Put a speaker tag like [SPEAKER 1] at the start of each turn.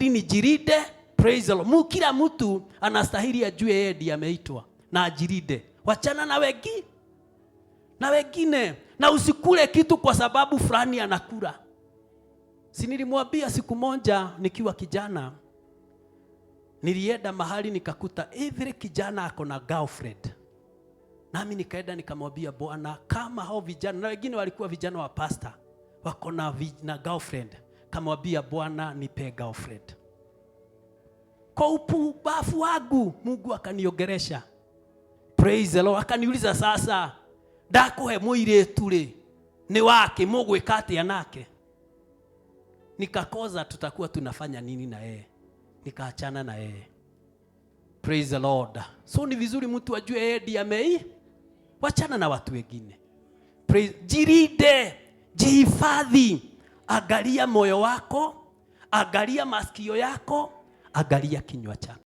[SPEAKER 1] ili nijiride. Praise the Lord. Kila mtu anastahili ajue yeye ndiye ameitwa na ajiride, wachana na wengi na wengine, na usikule kitu kwa sababu fulani anakula. Si nilimwambia siku moja nikiwa kijana, nilienda mahali nikakuta every kijana ako na girlfriend, nami nikaenda nikamwambia Bwana, kama hao vijana na wengine walikuwa vijana wa pasta wako na girlfriend kamwambia Bwana, nipe girlfriend. Kwa upumbavu wangu Mungu akaniogeresha. Praise the Lord. Akaniuliza sasa, ndakuhe muiretu ri ni wake mugwika atia nake? Nikakoza tutakuwa tunafanya nini na yeye, nikaachana na yeye. Praise the Lord. So ni vizuri mtu ajue yeye ndiye amei, wachana na watu wengine. Praise, jirinde, jihifadhi Angalia moyo wako, angalia masikio yako, angalia kinywa chako.